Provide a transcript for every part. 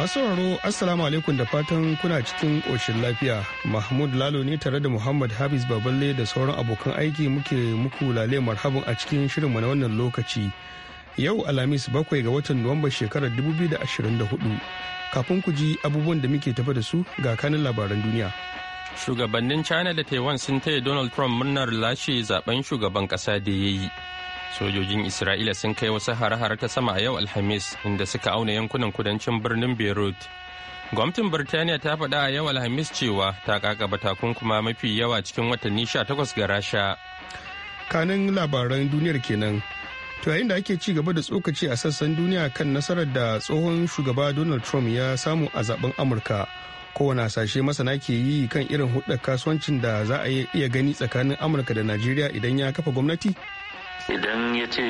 Masu sauraro Assalamu alaikum da fatan kuna cikin ƙoshin lafiya. Mahmud Lalo ne tare da Muhammad habis Baballe da sauran abokan aiki muke muku lale marhabin a cikin shirinmu na wannan lokaci. Yau Alhamis bakwai ga watan Nuwamba shekarar 2024. Kafin ku ji abubuwan da muke tafa da su ga kanin labaran duniya. Shugabannin China da Taiwan sun taya Donald Trump murnar lashe zaben shugaban ƙasa da ya yi. sojojin isra'ila sun kai wasu har hare ta sama a yau alhamis inda suka auna yankunan kudancin birnin beirut gwamnatin birtaniya ta faɗa a yau alhamis cewa ta kakaba takunkuma mafi yawa cikin watanni 18 ga rasha kanin labaran duniyar kenan to yayin da ake ci gaba da tsokaci a sassan duniya kan nasarar da tsohon shugaba donald trump ya samu a zaben amurka kowane hasashe masana ke yi kan irin hudar kasuwancin da za a iya gani tsakanin amurka da najeriya idan ya kafa gwamnati idan ya ce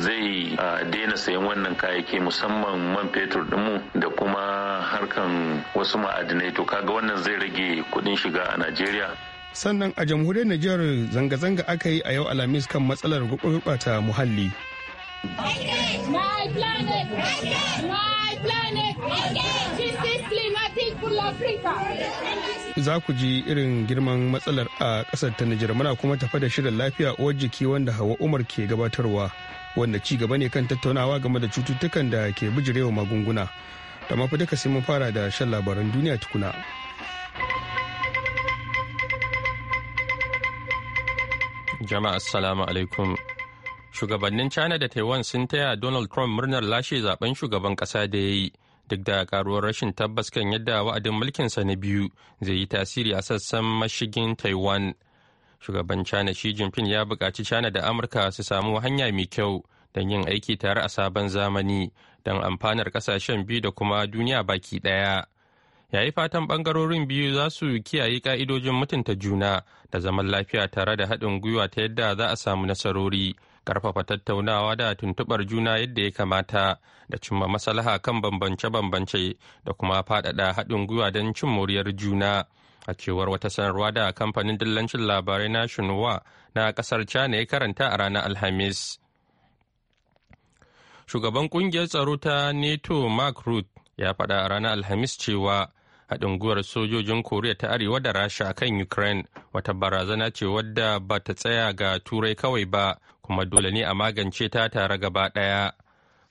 zai daina sayan wannan kayayyaki musamman man fetur dinmu da kuma harkan wasu ma'adinai to kaga wannan zai rage kudin shiga a najeriya sannan a jamhuriyar Nijar zanga-zanga aka yi a yau alhamis kan matsalar gurɓata muhalli. planet Za ku ji irin girman matsalar a ƙasar ta Nijar muna kuma tafa da shirin lafiya uwar jiki wanda Hawa Umar ke gabatarwa wanda ci gaba ne kan tattaunawa game da cututtukan da ke bijirewa magunguna. Da mafi duka sai mun fara da shan labaran duniya tukuna. Jama'a assalamu alaikum. shugabannin china da taiwan sun taya donald trump murnar lashe zaben shugaban kasa da ya yi duk da karuwar rashin tabbas kan yadda wa'adin mulkinsa na biyu zai yi tasiri a sassan mashigin taiwan shugaban china shi jinping ya bukaci china da amurka su samu hanya mai kyau don yin aiki tare a sabon zamani don amfanar kasashen biyu da kuma duniya baki ɗaya yayi fatan bangarorin biyu za su kiyaye ƙa'idojin mutunta juna da zaman lafiya tare da haɗin gwiwa ta yadda za a samu nasarori karfafa tattaunawa da tuntubar juna yadda ya kamata da cimma maslaha kan bambance-bambance da kuma faɗaɗa haɗin gwiwa don cin moriyar juna a cewar wata sanarwa da kamfanin dillancin labarai na shinwa na ƙasar china ya karanta a ranar alhamis shugaban ƙungiyar tsaro ta nato mark ya faɗa a ranar alhamis cewa haɗin guwar sojojin koriya ta arewa da rasha kan ukraine wata barazana ce wadda ba ta tsaya ga turai kawai ba kuma dole ne a magance ta tare gaba ɗaya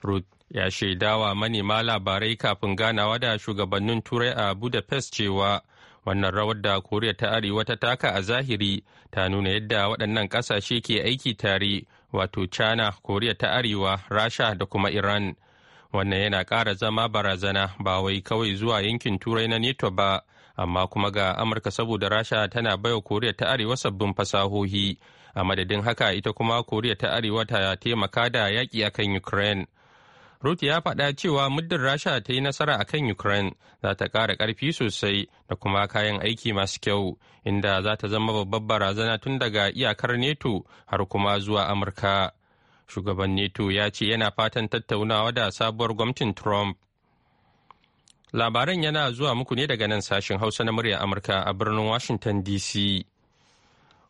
ruth ya shaidawa manema labarai kafin ganawa da shugabannin turai a budapest cewa wannan rawar da koriya ta arewa ta taka a zahiri ta nuna yadda waɗannan ƙasashe ke aiki tare wato china koriya ta arewa rasha da kuma iran wannan yana ƙara zama barazana ba wai kawai zuwa yankin turai na neto ba amma kuma ga amurka saboda rasha tana baiwa koriya ta arewa sabbin fasahohi a madadin haka ita kuma koriya ta arewa ta taimaka da yaƙi akan ukraine rut ya faɗa cewa muddin Rasha ta yi nasara akan Ukraine za ta ƙara ƙarfi sosai da kuma kayan aiki masu kyau, inda za ta zama babbar barazana tun daga iyakar neto har kuma zuwa Amurka. shugaban neto ya ce yana fatan tattaunawa da sabuwar gwamnatin trump labaran yana zuwa muku ne daga nan sashen hausa na murya amurka a birnin washington dc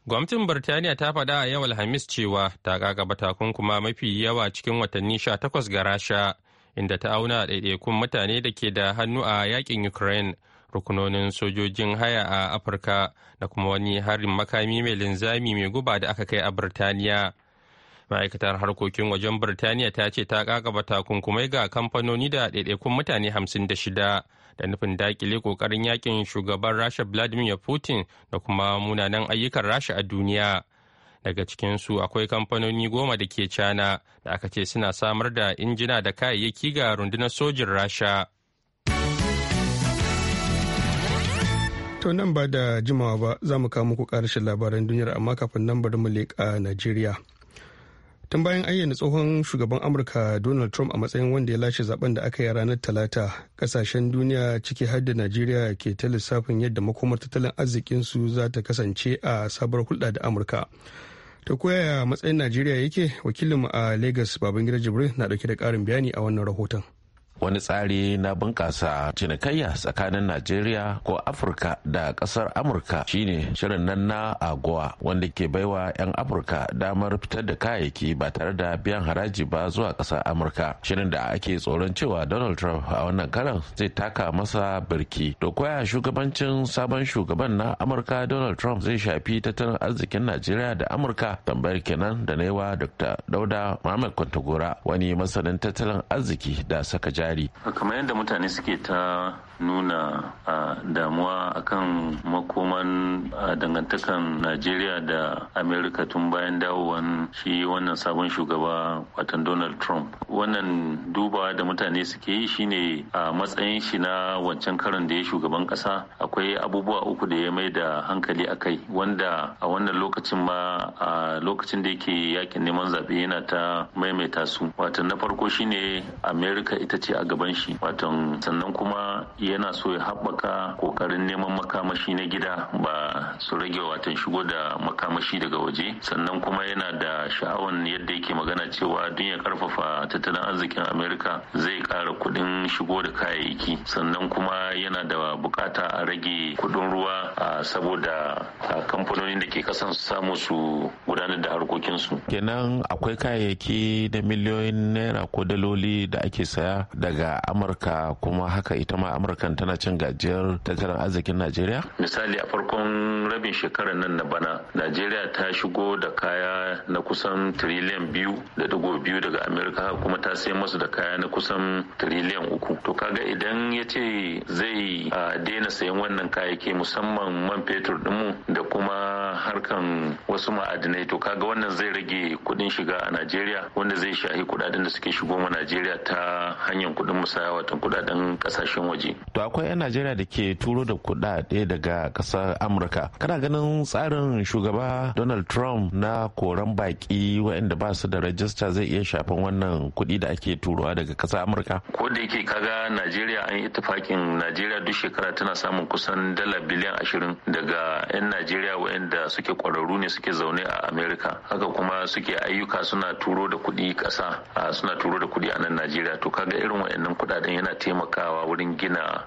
gwamnatin birtaniya ta faɗa a yau alhamis cewa ta kaka takunkuma mafi yawa cikin watanni 18 ga rasha inda ta auna ɗaiɗaikun mutane da ke da hannu a yakin ukraine rukunonin sojojin haya a afirka da kuma wani harin makami mai linzami mai guba da aka kai a birtaniya ma'aikatar harkokin wajen birtaniya ta ce ta kakaba takunkumai ga kamfanoni da ɗaiɗaikun mutane hamsin da shida da nufin dakile kokarin yakin shugaban rasha vladimir putin da kuma munanan ayyukan rasha a duniya daga cikinsu akwai kamfanoni goma da ke cana da aka ce suna samar da injina da kayayyaki ga rundunar sojin rasha to nan ba da jimawa ba za mu kawo muku rashin labaran duniyar amma kafin nan bari mu leƙa najeriya tun bayan ayyana tsohon shugaban amurka donald trump a matsayin wanda ya lashe zaben da aka yi ranar talata kasashen duniya ciki har da najeriya ke ta lissafin yadda makomar tattalin arzikinsu za ta kasance a sabuwar hulɗa da amurka ta koyaya matsayin najeriya yake wakilinmu a lagos babangida jibril na ɗauke da ƙarin bayani a wannan rahoton wani tsari na bunƙasa cinikayya tsakanin najeriya ko afirka da ƙasar amurka shine shirin nan na agowa wanda ke baiwa 'yan afirka damar fitar da kayayyaki ba tare da biyan haraji ba zuwa ƙasar amurka shirin da ake tsoron cewa donald trump a wannan karan zai taka masa birki To koya shugabancin sabon shugaban na amurka donald trump zai shafi tattalin arzikin najeriya da amurka tambayar kenan da na yi wa dr dauda muhammad kwantagora wani masanin tattalin arziki da saka jari kamar yadda mutane suke ta nuna a damuwa akan makoman dangantakan najeriya da amerika tun bayan dawowan shi wannan sabon shugaba watan donald trump wannan dubawa da mutane suke yi shine a matsayin shi na wancan karin da ya shugaban kasa akwai abubuwa uku da ya mai da hankali a kai wanda a wannan lokacin ma a lokacin da yake yakin neman zaɓe yana ta maimaita su watan na farko shine amerika ita ce a gaban shi watan sannan kuma yana so ya haɓaka kokarin neman makamashi na gida ba su rage watan shigo da makamashi daga waje sannan kuma yana da sha'awan yadda yake magana cewa don ya karfafa tattalin arzikin amerika zai ƙara kuɗin shigo da kayayyaki sannan kuma yana da bukata a rage kuɗin ruwa saboda kamfanonin da ke kasan samu su gudanar da harkokinsu. kenan akwai kayayyaki na miliyoyin naira ko daloli da ake saya daga amurka kuma haka ita ma amurkan tana cin gajiyar tattalin arzikin najeriya misali a farkon rabin shekarar nan na bana najeriya ta shigo da kaya na kusan triliyan biyu da dugo biyu daga amurka kuma ta sai masu da kaya na kusan tiriliyan uku to kaga idan ya ce zai daina sayan wannan kayayyaki musamman man fetur dinmu da kuma harkan wasu ma'adinai to kaga wannan zai rage kudin shiga a Najeriya wanda zai shahi kudaden da suke shigo ma Najeriya ta hanyar kudin musaya watan kudaden kasashen waje. To akwai 'yan Najeriya da ke turo da kuɗaɗe daga kasar Amurka. Kana ganin tsarin shugaba Donald Trump na koran baki waɗanda ba su da rajista zai iya shafan wannan kuɗi da ake turowa daga ƙasar Amurka? Ko da yake kaga Najeriya an yi tufakin Najeriya duk shekara tana samun kusan dala biliyan ashirin daga 'yan najeriya waɗanda suke ƙwararru ne suke zaune a america haka kuma suke ayyuka suna turo da kuɗi ƙasa suna turo da kuɗi a nan najeriya to kaga irin waɗannan kuɗaɗen yana taimakawa wurin gina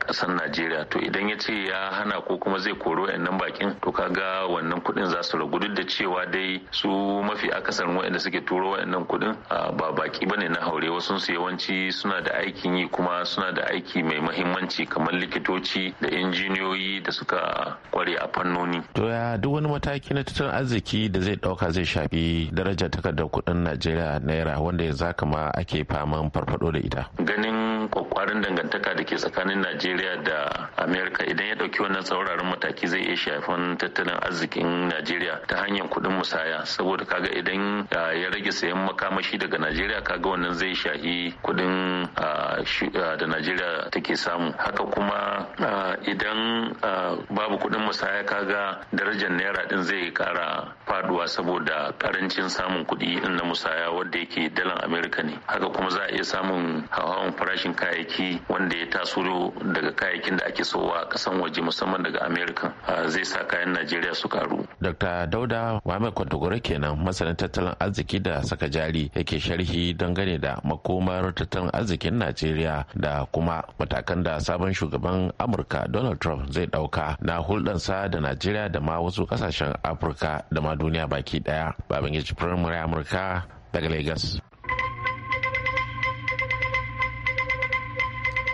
ƙasar najeriya to idan ya ce ya hana ko kuma zai kori waɗannan bakin to kaga wannan kuɗin za su ragu duk da cewa dai su mafi akasarin waɗanda suke turo waɗannan kuɗin ba baki bane na haure wasu su yawanci suna da aikin yi kuma suna da aiki mai mahimmanci kamar likitoci da injiniyoyi da suka kware a fannin fannoni. To ya duk wani mataki na tattalin arziki da zai dauka zai shafi darajar takardar kudin Najeriya naira wanda yanzu haka ma ake faman farfado da ita. Ganin kokarin dangantaka da ke tsakanin Najeriya da Amerika idan ya dauki wannan sauraron mataki zai iya shafin tattalin arzikin Najeriya ta hanyar kuɗin musaya saboda kaga idan ya rage sayan makamashi daga Najeriya kaga wannan zai shahi kuɗin da Najeriya take samu haka kuma idan babu kudin musaya kaga ga darajar naira din zai kara faduwa saboda karancin samun kuɗi in na musaya wanda yake dalan amerika ne haka kuma za a iya samun hawan farashin kayayyaki wanda ya taso daga kayayyakin da ake sowa kasan waje musamman daga amerika zai sa kayan najeriya su karu dr dauda muhammad kwantogoro kenan masanin tattalin arziki da saka jari yake sharhi dangane da makomar tattalin arzikin najeriya da kuma matakan da sabon shugaban amurka donald trump zai dauka na hulɗansa da najeriya najeriya da ma wasu kasashen afirka da ma duniya baki daya babangiji firamare amurka daga lagos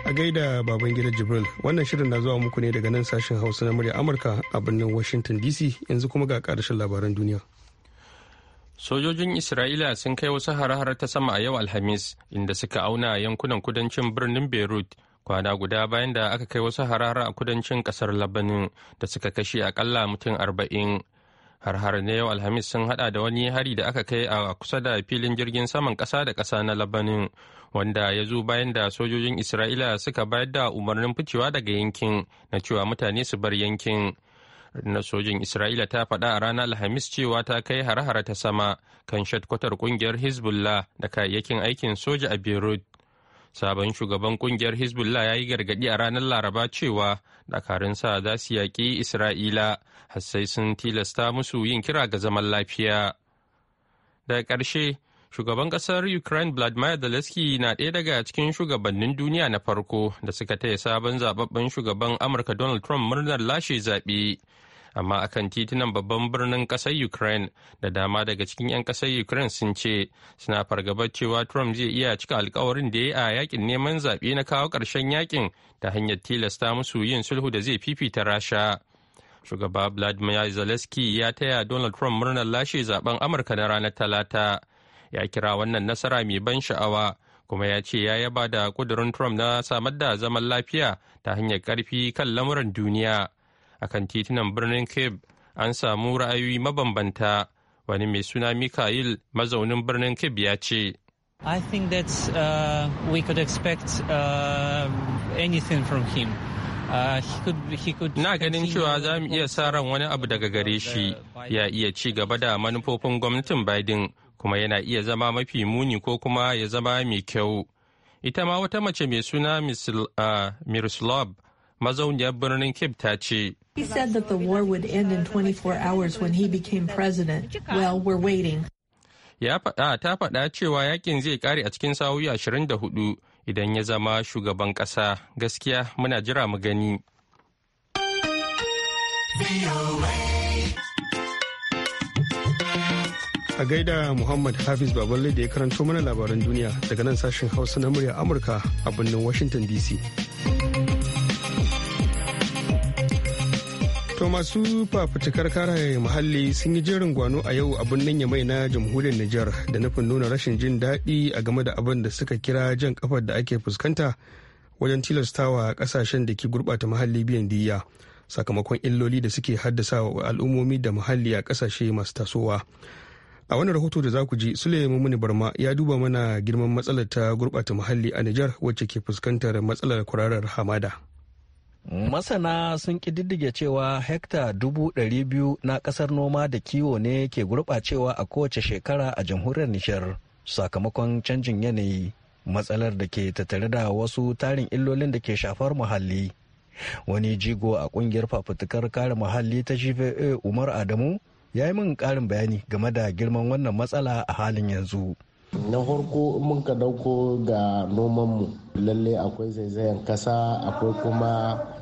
a gaida baban gida jibril wannan shirin na zuwa muku ne daga nan sashen hausa na murya amurka a birnin washington dc yanzu kuma ga karshen labaran duniya sojojin isra'ila sun kai wasu har-har ta sama a yau alhamis inda suka auna yankunan kudancin birnin beirut kwana guda bayan da aka kai wasu harara a kudancin kasar labanin da suka kashe akalla mutum arba'in harhar na yau alhamis sun hada da wani hari da aka kai a kusa da filin jirgin saman kasa da kasa na labanin wanda ya zo bayan da sojojin isra'ila suka bayar da umarnin ficewa daga yankin na cewa mutane su bar yankin na sojin isra'ila ta faɗa a ranar alhamis cewa ta kai har hara ta sama kan shatkwatar ƙungiyar hezbollah da kayayyakin aikin soja a beirut sabon shugaban kungiyar hezbollah ya yi gargadi a ranar laraba cewa sa za su yaƙi isra'ila hasai sun tilasta musu yin kira ga zaman lafiya daga ƙarshe shugaban ƙasar ukraine vladimir zelensky na ɗaya daga cikin shugabannin duniya na farko da suka taya sabon zababben shugaban amurka donald trump murnar lashe zaɓe amma akan titunan babban birnin kasar ukraine da dama daga cikin 'yan kasar ukraine sun ce suna fargabar cewa trump zai iya cika alkawarin da ya yi a yakin neman zaɓe na kawo ƙarshen yakin ta hanyar tilasta musu yin sulhu da zai fifita rasha shugaba vladimir zelensky ya taya donald trump murnar lashe zaben amurka na ranar talata ya kira wannan nasara mai ban sha'awa kuma ya ce ya yaba da kudurin trump na samar da zaman lafiya ta hanyar karfi kan lamuran duniya a kan titunan birnin cape an samu ra'ayoyi mabambanta wani mai suna mikhail mazaunin birnin cape ya ce I think that uh, we could expect uh, anything from him. Uh, Na ganin cewa za mu iya sa ran wani abu daga gare shi ya iya ci gaba da manufofin gwamnatin Biden kuma yana iya zama mafi muni ko kuma ya zama mai kyau. Ita ma wata mace mai suna uh, Miroslav mazauniyar birnin Cape ta ce, He said that the war would end in 24 hours when he became president. Well, we're waiting. Ya faɗa ah, ta faɗa cewa yakin zai kare a cikin sa'o'i 24 idan ya zama shugaban ƙasa. Gaskiya muna jira mu gani. A gaida Muhammad Hafiz Baballe da ya karanto mana labaran duniya daga nan sashen Hausa na murya Amurka a birnin Washington DC. To masu fafutukar kare muhalli sun yi jerin gwano a yau a birnin Yamai na jamhuriyar Nijar da nufin nuna rashin jin daɗi a game da abin da suka kira jan kafar da ake fuskanta wajen tilastawa kasashen da ke gurɓata muhalli biyan diya sakamakon illoli da suke haddasa wa al'ummomi da muhalli a ƙasashe masu tasowa. A wani rahoto da za ku ji Suleiman Muni Barma ya duba mana girman matsalar ta gurɓata muhalli a Nijar wacce ke fuskantar matsalar kwararar hamada. Masana sun ƙididdige cewa hekta dubu ɗari biyu na ƙasar noma da kiwo ne ke gurɓacewa a kowace shekara a jamhuriyar Nishar sakamakon canjin yanayi matsalar da ke tattare da wasu tarin illolin da ke shafar muhalli. Wani jigo a ƙungiyar fafutukar kare muhalli ta GVA Umar Adamu ya yi min ƙarin bayani game da girman wannan matsala a halin yanzu. na farko mun ka dauko ga nomanmu lalle akwai zaizayen kasa akwai kuma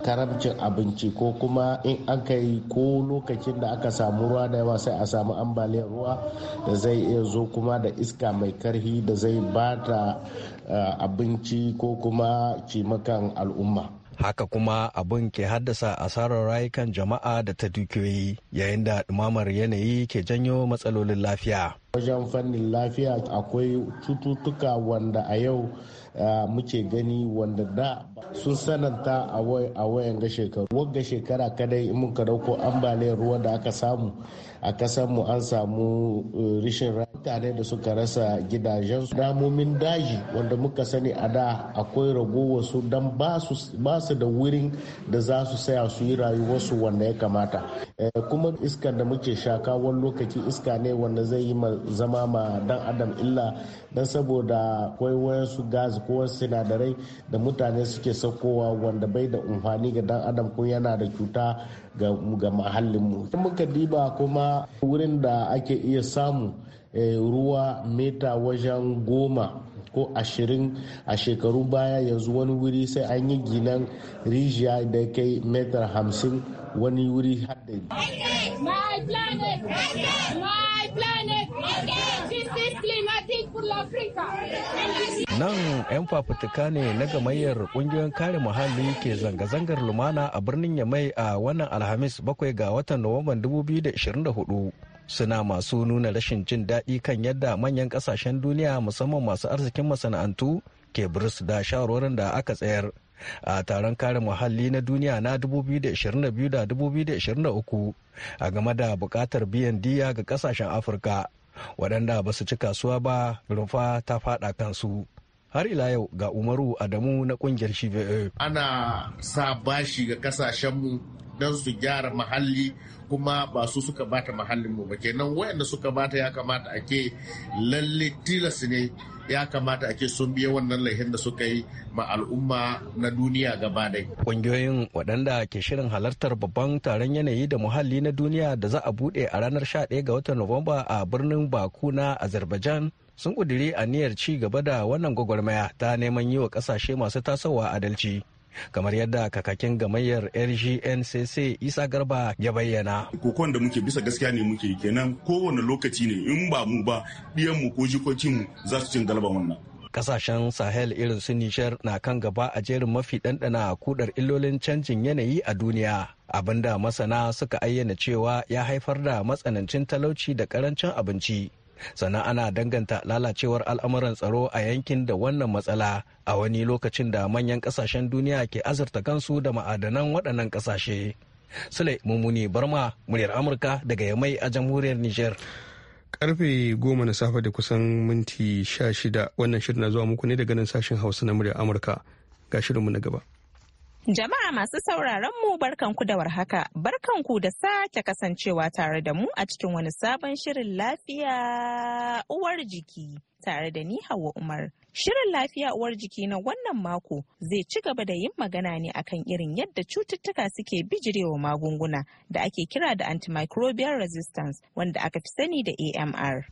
karamcin abinci ko kuma in an kai ko lokacin da aka samu ruwa da yawa sai a samu ambaliyar ruwa da zai iya zo kuma da iska mai karhi da zai bata eh, abinci ko kuma cimakan al'umma haka kuma abin ke haddasa asarar rayukan jama'a da ta dukiyoyi yayin da ɗumamar yanayi ke janyo matsalolin lafiya wajen fannin lafiya akwai cututtuka wanda a yau eh, muke gani wanda da sun sananta a wayan ga shekaru wagga shekara kadai in muka dauko ambaliyar ruwa da aka samu a mu an samu eh, rishin mutane da suka rasa gidajensu damomin daji wanda muka sani a da akwai ragowasu don ba su da wurin da za su saya su yi rayuwarsu wanda ya kamata eh, kuma iska da muke shaka wani lokaci iska ne wanda zai yi zama ma dan adam illa don saboda akwai wayansu gas ko sinadarai da mutane suke saukowa wanda bai da umfani ga dan adam ko yana da cuta ga mahallinmu muka diba kuma wurin da ake iya samu eh, ruwa mita wajen goma ko ashirin a shekaru baya yanzu wani wuri sai an yi ginan rijiya da kai metar hamsin wani wuri haddari. Nan 'yan fafutuka ne na gamayyar kungiyoyin kare muhalli ke zanga-zangar lumana a birnin Yamai a wannan Alhamis bakwai ga watan Nuwamban 2024. Suna masu nuna rashin jin daɗi kan yadda manyan ƙasashen duniya musamman masu arzikin masana'antu ke buris da shawarwarin da aka tsayar a taron kare muhalli na duniya na 2022 2023 a game da bukatar biyan diya ga kasashen afirka waɗanda ba su ci kasuwa ba rumfa ta faɗa kansu har ila yau ga umaru adamu na ƙungiyar shiva ana sa bashi ga kasashenmu don su gyara mahalli kuma ba su suka bata mahallinmu ba kenan wayanda suka bata ya kamata ake lalle tilas ne ya kamata ake sun biya wannan laihin da suka yi ma al'umma na duniya gaba dai. Ƙungiyoyin waɗanda ke shirin halartar babban taron yanayi da muhalli na duniya da za a buɗe a ranar 11 ga watan Nuwamba a birnin Baku na Azerbaijan sun ƙudiri aniyar ci gaba da wannan gwagwarmaya ta neman yi wa ƙasashe masu tasowa adalci. kamar yadda kakakin gamayyar rgncc isa garba ya bayyana kokon da muke bisa gaskiya ne muke kenan kowane lokaci ne in ba mu ba mu ko jikokin za su cin galaba wannan kasashen sahel irin su nishar na kan gaba a jerin mafi ɗanɗana kudar illolin canjin yanayi a duniya abinda masana suka ayyana cewa ya haifar da matsanancin talauci da karancin abinci sannan ana danganta lalacewar al'amuran tsaro a yankin da wannan matsala a wani lokacin da manyan kasashen duniya ke azurta kansu da ma'adanan waɗannan kasashe sule mummuni barma muryar amurka daga yamai a jamhuriyar niger karfe goma na safe da kusan minti sha wannan shirin na zuwa muku ne daga nan sashen hausa na muryar amurka ga shirinmu na gaba Jama'a masu sauraron mu barkanku da warhaka, barkanku da sake kasancewa tare da mu a cikin wani sabon shirin lafiya uwar jiki tare da ni Hauwa Umar. Shirin lafiya uwar jiki na wannan mako zai ci gaba da yin magana ne akan irin yadda cututtuka suke bijirewa magunguna da ake kira da antimicrobial resistance wanda aka fi sani da AMR.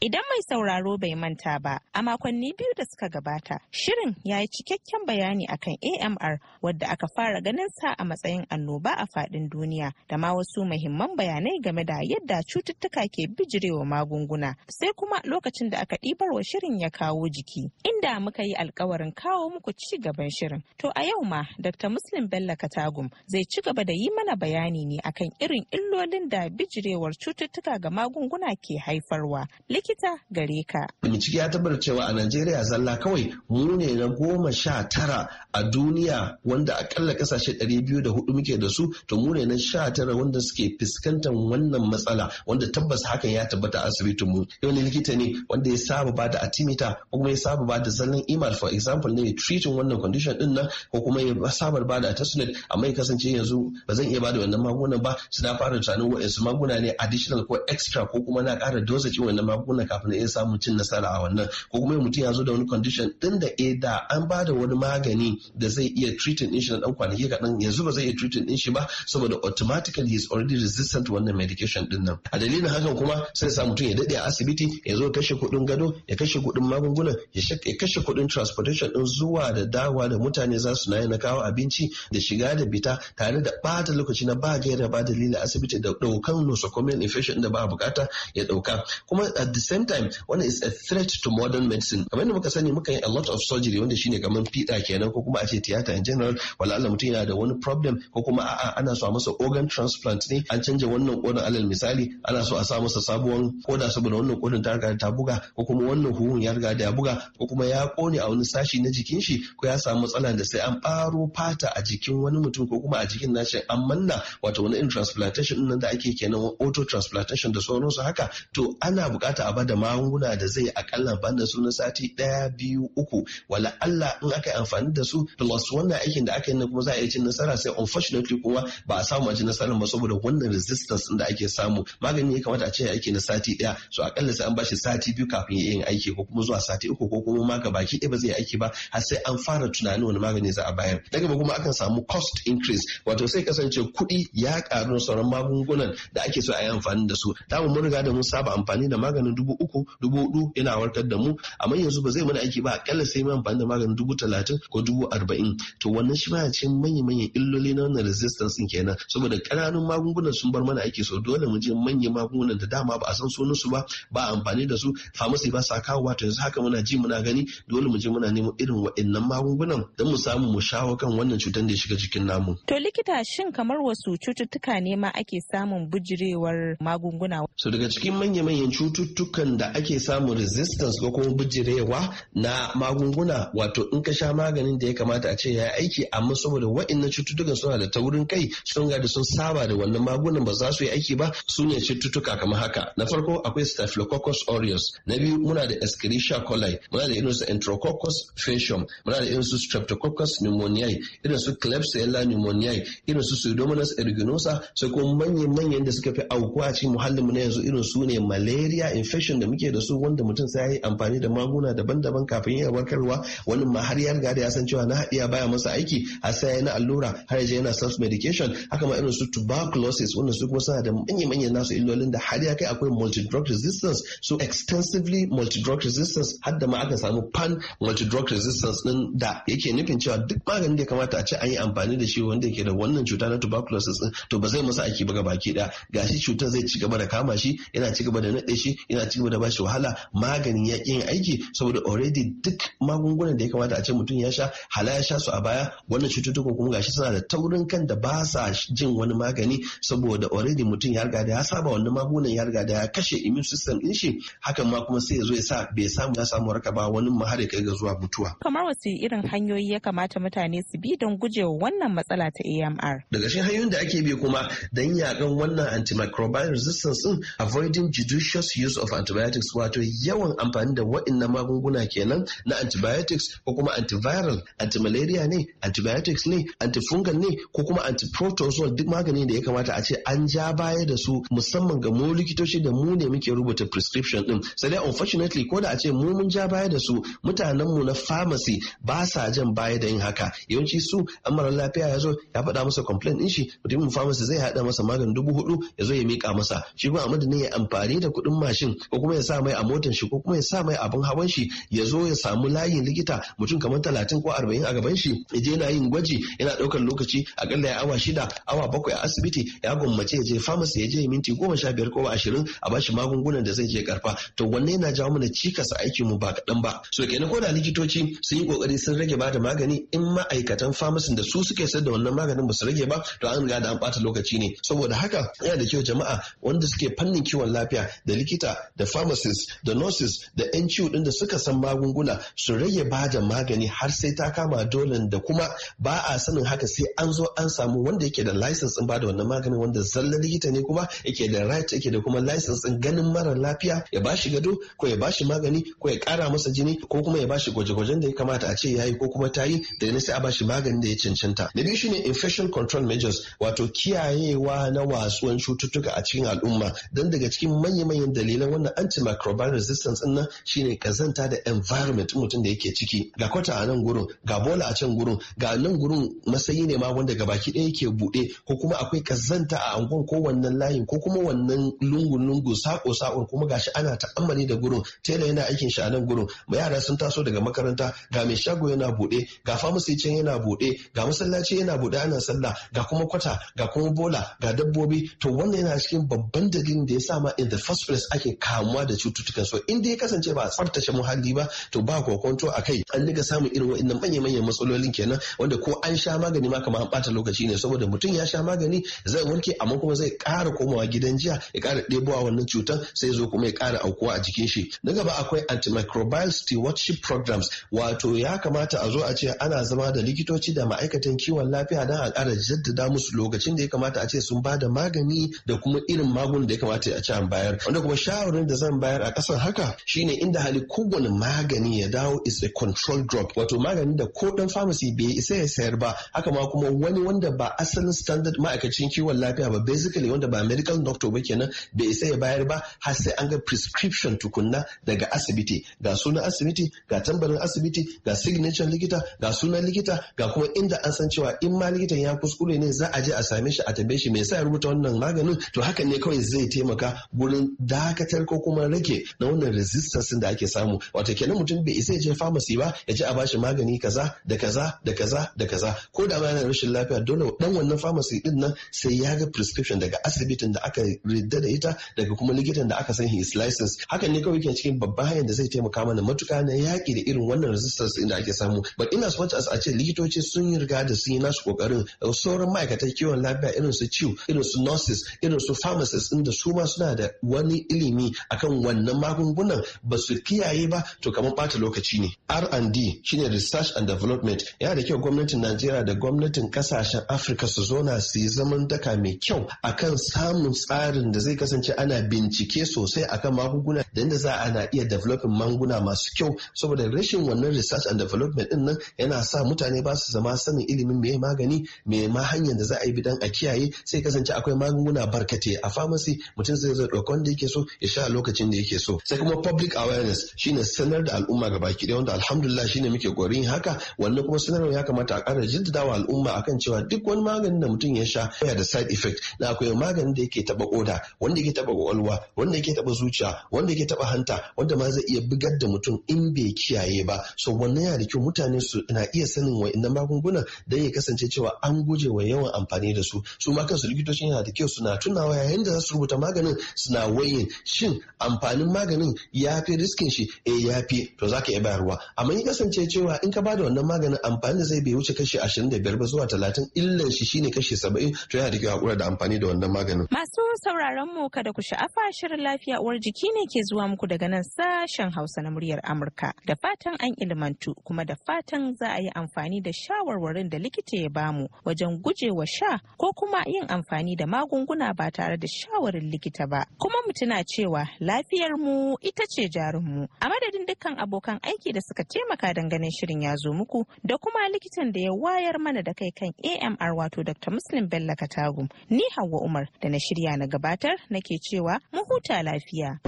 Idan mai sauraro bai manta ba, a makonni biyu da suka gabata, shirin ya yi cikakken bayani akan AMR wadda aka fara ganin sa a matsayin annoba a faɗin duniya da ma wasu muhimman bayanai game da yadda cututtuka ke bijirewa magunguna. Sai kuma lokacin da aka ɗibar wa shirin ya kawo jiki, inda muka yi alkawarin kawo muku ci gaban shirin. To a yau ma, Dr. Muslim Bello Katagum zai ci gaba da yi mana bayani ne akan irin illolin da bijirewar cututtuka ga magunguna ke haifarwa. Liki likita gare ka. Bincike ya tabbatar cewa a Najeriya zalla kawai mu ne na goma sha tara a duniya wanda akalla kasashe ɗari biyu da hudu muke da su to mu ne na sha tara wanda suke fuskantar wannan matsala wanda tabbas hakan ya tabbata a asibitin mu. Yau ne likita ne wanda ya saba ba da atimita ko kuma ya saba ba da zallan imal for example ne treating wannan condition din nan ko kuma ya saba ba da tasunet amma ya kasance yanzu ba zan iya ba da wannan magunan ba su na fara tunanin wa'insu maguna ne additional ko extra ko kuma na ƙara dosage wannan magunan wannan kafin iya samun cin nasara a wannan ko kuma mutum ya zo da wani condition din da eh da an ba da wani magani da zai iya treating din shi na dan kwanaki kaɗan yanzu ba zai iya treating din shi ba saboda automatically he is already resistant to wannan medication din nan a dalilin hakan kuma sai sa mutum ya daɗe a asibiti ya zo kashe kuɗin gado ya kashe kuɗin magungunan ya kashe kuɗin transportation din zuwa da dawa da mutane za su na kawo abinci da shiga da bita tare da ɓata lokaci na ba gaira ba dalilin asibiti da ɗaukan nosocomial infection da ba bukata ya ɗauka kuma at the same time wannan is a threat to modern medicine kamar da muka sani muka yi a lot of surgery wanda shine kamar fiɗa kenan ko kuma a ce tiyata in general wala Allah mutum yana da wani problem ko kuma a'a ana so a masa organ transplant ne an canja wannan kodin alal misali ana so a sa masa sabuwar koda saboda wannan kodin ta riga ta buga ko kuma wannan huhun ya riga da ya buga ko kuma ya kone a wani sashi na jikin shi ko ya samu matsala da sai an baro fata a jikin wani mutum ko kuma a jikin nashi an manna wato wani in transplantation din nan da ake kenan auto transplantation da sauransu haka to ana bukata a ba da magunguna da zai akalla amfani da su na sati ɗaya biyu uku wala Allah in aka yi amfani da su plus wannan aikin da aka yi kuma za a iya cin nasara sai unfortunately kuma ba a samu a ci nasara ba saboda wannan resistance da ake samu magani ya kamata a ce aiki na sati ɗaya so akalla sai an bashi sati biyu kafin ya yin aiki ko kuma zuwa sati uku ko kuma ma baki ɗaya ba zai aiki ba har sai an fara tunanin wani magani za a bayar daga ba kuma akan samu cost increase wato sai kasance kuɗi ya ƙaru sauran magungunan da ake so a yi amfani da su ta mun riga da mun saba amfani da maganin dubu dubu uku dubu hudu yana warkar da mu amma yanzu ba zai mana aiki ba akalla sai mu amfani da maganin dubu talatin ko dubu arba'in to wannan shi ma ce manya manyan illoli na wannan resistance din kenan saboda ƙananun magungunan sun bar mana aiki so dole mu je manyan magungunan da dama ba a san sunan su ba ba amfani da su pharmacy ba sa kawowa to yanzu haka muna ji muna gani dole mu je muna nemo irin waɗannan magungunan don mu samu mu shawo kan wannan cutar da ya shiga cikin namu. To likita shin kamar wasu cututtuka ne ma ake samun bujirewar magunguna? So daga cikin manya-manyan cututtuka cututtukan da ake samun resistance ko kuma bijirewa na magunguna wato in ka sha maganin da ya kamata a ce ya yi aiki amma saboda wa'annan cututtukan suna da taurin kai sun ga da sun saba da wannan magunan ba za su yi aiki ba su ne cututtuka kamar haka na farko akwai staphylococcus aureus na biyu muna da escherichia coli muna da irin su enterococcus faecium muna da irin su streptococcus pneumoniae irin su klebsiella pneumoniae irin su pseudomonas aeruginosa sai kuma manyan manyan da suka fi aukuwa a cikin muhallin mu na yanzu irin su ne malaria infection infection da muke da su wanda mutum sai ya amfani da maguna daban-daban kafin ya warkarwa wani ma har ya riga da ya san cewa na haɗiya baya masa aiki a sai ya na allura har ya yana self medication haka ma irin su tuberculosis wanda su kuma suna da manya manya nasu illolin da har ya kai akwai multi drug resistance so extensively multi drug resistance har da ma aka samu pan multi drug resistance din da yake nufin cewa duk maganin da ya kamata a ce an yi amfani da shi wanda yake da wannan cuta na tuberculosis din to ba zai masa aiki ba gabaki daya gashi cutar zai ci gaba da kama shi yana ci gaba da nade shi yana ci gaba da bashi wahala maganin ya yin aiki saboda already duk magungunan da ya kamata a ce mutum ya sha hala ya sha su a baya wannan cututtukan kuma gashi suna da taurin kan da ba sa jin wani magani saboda already mutum ya riga da ya saba wannan magungunan ya riga da ya kashe immune system din shi hakan ma kuma sai ya zo ya sa bai samu ya samu raka ba wani ma kai ga zuwa mutuwa kamar wasu irin hanyoyi ya kamata mutane su bi don gujewa wannan matsala ta AMR daga cikin hanyoyin da ake bi kuma dan yakan wannan antimicrobial resistance din avoiding judicious use of antibiotics wato yawan amfani da waɗannan magunguna kenan na antibiotics ko kuma antiviral antimalaria ne antibiotics ne antifungal ne ko kuma antiprotozoal duk magani da ya kamata a ce an ja baya da su musamman ga mu likitoci da mu ne muke rubuta prescription din sai dai unfortunately ko da a ce mu mun ja baya da su mutanen mu na pharmacy ba sa jan baya da yin haka yawanci su an mara lafiya ya zo ya faɗa masa complaint din shi mutumin pharmacy zai haɗa masa maganin dubu hudu ya zo ya mika masa shi kuma Amadu ne ya amfani da kuɗin mashin ko kuma ya sa mai a motar shi ko kuma ya sa mai abin hawan shi ya zo ya samu layin likita mutum kamar talatin ko arba'in a gaban shi ya je yana yin gwaji yana ɗaukar lokaci a akalla ya awa shida awa bakwai a asibiti ya gwammace ya je famasi ya je minti goma sha biyar ko ashirin a bashi magungunan da zai je karfa to wannan yana jawo mana cikas aikin mu ba kaɗan ba so kenan ko da likitoci sun yi kokari sun rage ba da magani in ma'aikatan famasin da su suke sayar da wannan maganin ba su rage ba to an riga da an ɓata lokaci ne saboda haka yana da kyau jama'a wanda suke fannin kiwon lafiya da likita da pharmacists da nurses da 'yan ciwo din da suka san magunguna su rage bada magani har sai ta kama dole da kuma ba a sanin haka sai an zo an samu wanda yake da license din bada wannan magani wanda zallar likita ne kuma yake da right yake da kuma license din ganin mara lafiya ya bashi gado ko ya bashi magani ko ya kara masa jini ko kuma ya bashi gwaje-gwajen da ya kamata a ce yayi ko kuma tayi da ya sai a bashi magani da ya cancanta na biyu shine infection control measures wato kiyayewa na watsuwan cututtuka a cikin al'umma dan daga cikin manya-manyan dalilan wannan na antimicrobial resistance din nan shine kazanta da environment mutum da yake ciki ga kwata a nan gurin ga bola a can gurin ga nan gurin masayi ne ma wanda baki ɗaya yake buɗe ko kuma akwai kazanta a angon ko wannan layin ko kuma wannan lungun lungu sako sako kuma gashi ana ta'ammali da gurin tela yana aikin shi a nan gurin yara sun taso daga makaranta ga mai shago yana buɗe ga famasi can yana buɗe ga masallaci yana buɗe ana sallah ga kuma kwata ga kuma bola ga dabbobi to wannan yana cikin babban dalilin da ya sa ma in the first place ake kawo kamuwa da cututtukan so in dai ya kasance ba a tsaftace muhalli ba to ba kokonto a kai an riga samun irin wa'annan manya-manyan matsalolin kenan wanda ko an sha magani ma kamar an bata lokaci ne saboda mutum ya sha magani zai warke amma kuma zai ƙara komawa gidan jiya ya ƙara ɗebowa wannan cutar sai zo kuma ya ƙara aukuwa a jikin shi na gaba akwai antimicrobial stewardship programs wato ya kamata a zo a ce ana zama da likitoci da ma'aikatan kiwon lafiya don a ƙara jaddada musu lokacin da ya kamata a ce sun ba da magani da kuma irin magun da ya kamata a ci an bayar wanda kuma shawarin da zan bayar a ƙasan haka shine inda hali kowane magani ya dawo is a control drop wato magani da ko dan pharmacy bai isa ya sayar ba haka ma kuma wani wanda ba asalin standard ma'aikacin kiwon lafiya ba basically wanda ba medical doctor ba kenan bai isa ya bayar ba har sai an ga prescription tukunna daga asibiti ga sunan asibiti ga tambarin asibiti ga signature likita ga sunan likita ga kuma inda an san cewa in ma likitan ya kuskure ne za a je a same shi a tambaye shi me yasa ya rubuta wannan maganin to haka ne kawai zai taimaka gurin dakatar ko kuma rage na wannan resistance da ake samu wato kenan mutum bai isa je pharmacy ba ya ji a bashi magani kaza da kaza da kaza da kaza ko da bayan rashin lafiya dole dan wannan pharmacy din nan sai ya ga prescription daga asibitin da aka ridda da ita daga kuma likitan da aka san his license hakan ne kawai ke cikin babban hanyar da zai taimaka mana matuka na yaki da irin wannan resistance din da ake samu but ina so as a ce likitoci sun yi riga da sun yi nasu kokarin sauran ma'aikatan kiwon lafiya irin su ciwo irin su nurses irin su pharmacists inda su ma suna da wani ilimi akan wannan magungunan ba su kiyaye ba to kamar bata lokaci ne R&D shine research and development yana da kyau gwamnatin Najeriya da gwamnatin kasashen Afirka su zona su yi zaman daka mai kyau akan samun tsarin da zai kasance ana bincike sosai akan magunguna da inda za ana iya developing magunguna masu kyau saboda rashin wannan research and development din nan yana sa mutane ba su zama sanin ilimin me magani me ma hanyar da za a yi bidan a kiyaye sai kasance akwai magunguna barkate a pharmacy mutum zai zo ɗauka wanda yake so ya sha lokacin da yake so sai kuma public awareness shine sanar da al'umma baki ɗaya wanda alhamdulillah shine muke gwarin haka wanne kuma sanarwa ya kamata a ƙara jaddadawa al'umma akan cewa duk wani maganin da mutum ya sha yana da side effect na akwai maganin da yake taba koda wanda yake taba kwakwalwa wanda yake taba zuciya wanda yake taba hanta wanda ma zai iya bugar da mutum in bai kiyaye ba so wannan yana da kyau mutane su na iya sanin wa'annan magungunan don ya kasance cewa an guje wa yawan amfani da su su ma kansu likitocin yana da kyau suna tunawa yayin da za su rubuta maganin suna wayin shin amfanin maganin ya fi riskin shi eh ya fi to za ka iya bayarwa amma ya kasance cewa in ka bada wannan maganin amfani da zai bai wuce kashi ashirin da biyar ba zuwa talatin illan shi shine kashi saba'in to yana da kyau hakura da amfani da wannan maganin masu sauraron mu kada ku sha'afa shirin lafiya uwar jiki ne ke zuwa muku daga nan sashen Hausa na muryar Amurka da fatan an ilimantu kuma da fatan za a yi amfani da shawarwarin da likita ya bamu wajen gujewa sha ko kuma yin amfani da magunguna ba tare da shawarin likita ba kuma mu tuna cewa lafiyar mu ita ce jarin mu. A madadin dukkan abokan aiki da suka taimaka dangane shirin ya zo muku da kuma likitan da ya wayar mana da kai kan AMR wato Dr. Muslim Bello Katagum. Ni Hauwa Umar da na shirya na gabatar nake cewa mu huta lafiya.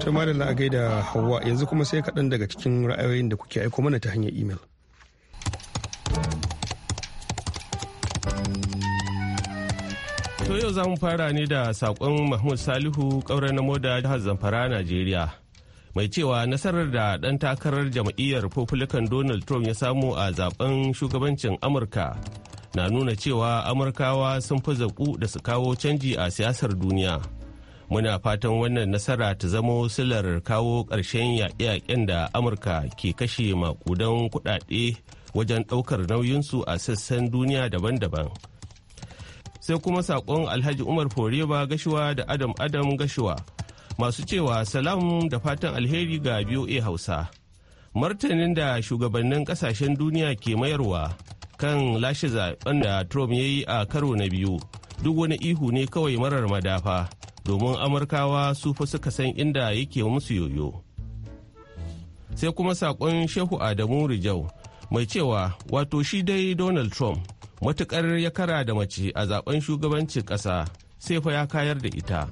Tuma da la'agai da Hauwa yanzu kuma sai kaɗan daga cikin ra'ayoyin da kuke aiko mana ta hanyar imel. To yau za mu fara ne da saƙon Mahmud Salihu ƙauren na moda jihar Zamfara, Najeriya. Mai cewa nasarar da ɗan takarar jam'iyyar Republican Donald Trump ya samu a zaben shugabancin Amurka na nuna cewa Amurkawa sun fi zaƙu da su kawo canji a siyasar duniya. Muna fatan wannan nasara ta zamo silar kawo ƙarshen yaƙe-yaƙen da Amurka ke kashe maƙudan kuɗaɗe wajen ɗaukar nauyinsu a sassan duniya daban-daban. sai kuma saƙon alhaji umar foreba gashuwa da adam adam gashuwa masu cewa salam da fatan alheri ga BOA hausa martanin da shugabannin kasashen duniya ke mayarwa kan lashe zaben da trump ya yi a karo na biyu duk wani ihu ne kawai marar madafa domin amurkawa su fa suka san inda yake musu yoyo sai kuma saƙon shehu adamu rijau mai cewa wato shi dai donald trump matukar ya kara da mace a zaben shugabancin ƙasa sai fa ya kayar da ita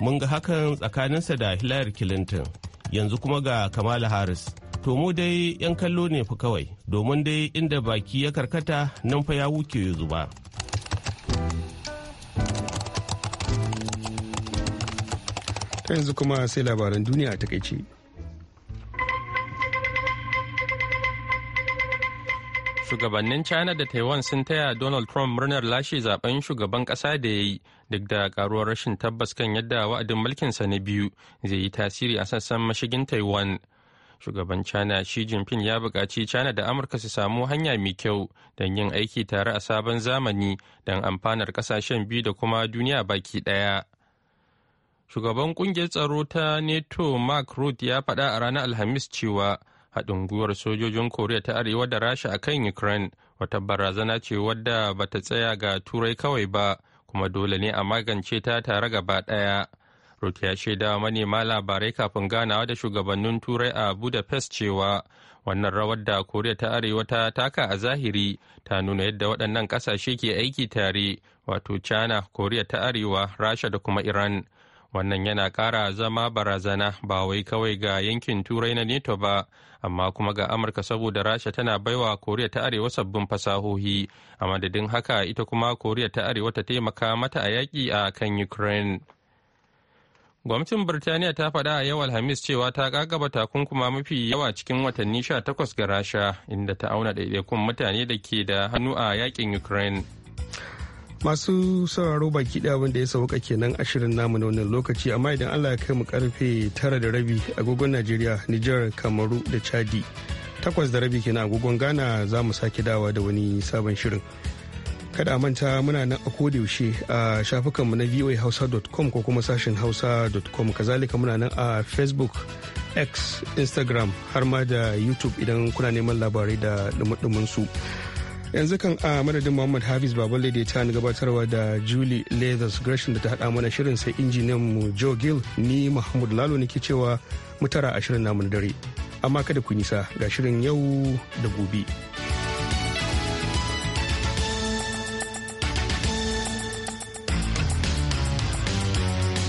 mun ga hakan tsakaninsa da hillary clinton yanzu kuma ga kamala harris to mu dai 'yan kallo ne fa kawai domin dai inda baki ya karkata nan fa ya wuke zuba yanzu kuma sai labaran duniya kai takaice. shugabannin china da taiwan sun taya donald trump murnar lashe zaben shugaban kasa da ya yi duk da karuwar rashin tabbas kan yadda wa'adin mulkinsa na biyu zai yi tasiri a sassan mashigin taiwan shugaban china shi jinping ya buƙaci china da amurka su samu hanya mai kyau don yin aiki tare a sabon zamani don amfanar ƙasashen biyu da kuma duniya baki ɗaya shugaban ƙungiyar tsaro ta neto mark ruth ya faɗa a ranar alhamis cewa haɗin gwiwar sojojin koriya ta arewa da rasha a kan ukraine wata barazana ce wadda ba ta tsaya ga turai kawai ba kuma dole ne a magance ta tare gaba ɗaya rot ya shaida manema labarai kafin ganawa da shugabannin turai a budapest cewa wannan rawar da koriya ta arewa ta taka a zahiri ta nuna yadda waɗannan ƙasashe ke aiki tare wato china koriya ta arewa rasha da kuma iran wannan yana kara zama barazana ba wai kawai ga yankin turai na neto ba amma kuma ga amurka saboda rasha tana baiwa koriya ta arewa sabbin fasahohi a madadin haka ita kuma koriya ta arewa ta taimaka mata a yaƙi a kan ukraine gwamnatin birtaniya ta faɗa a yau alhamis cewa ta ƙaƙaba takunkuma mafi yawa cikin watanni 18 ga rasha inda ta auna ɗaiɗaikun mutane da ke da hannu a yaƙin ukraine masu sauraro baki ɗaya wanda ya sauka kenan ashirin namu na wannan lokaci amma idan allah ya kai mu karfe tara da rabi agogon najeriya nijar kamaru da chadi takwas da rabi kenan agogon ghana za mu sake dawa da wani sabon shirin kada manta muna nan a yaushe a shafukanmu na voahausa.com ko kuma sashen hausa.com kazalika muna nan a facebook x instagram har ma da youtube idan kuna neman labarai da dumudumin su. yanzu kan a madadin muhammad hafiz baballe da ta gabatarwa da julie leathers gresham da ta hada mana shirin sai injiniyan mu joe gill ni mahmud lalo nake cewa mutara a shirin namun dare amma kada ku nisa ga shirin yau da gobe.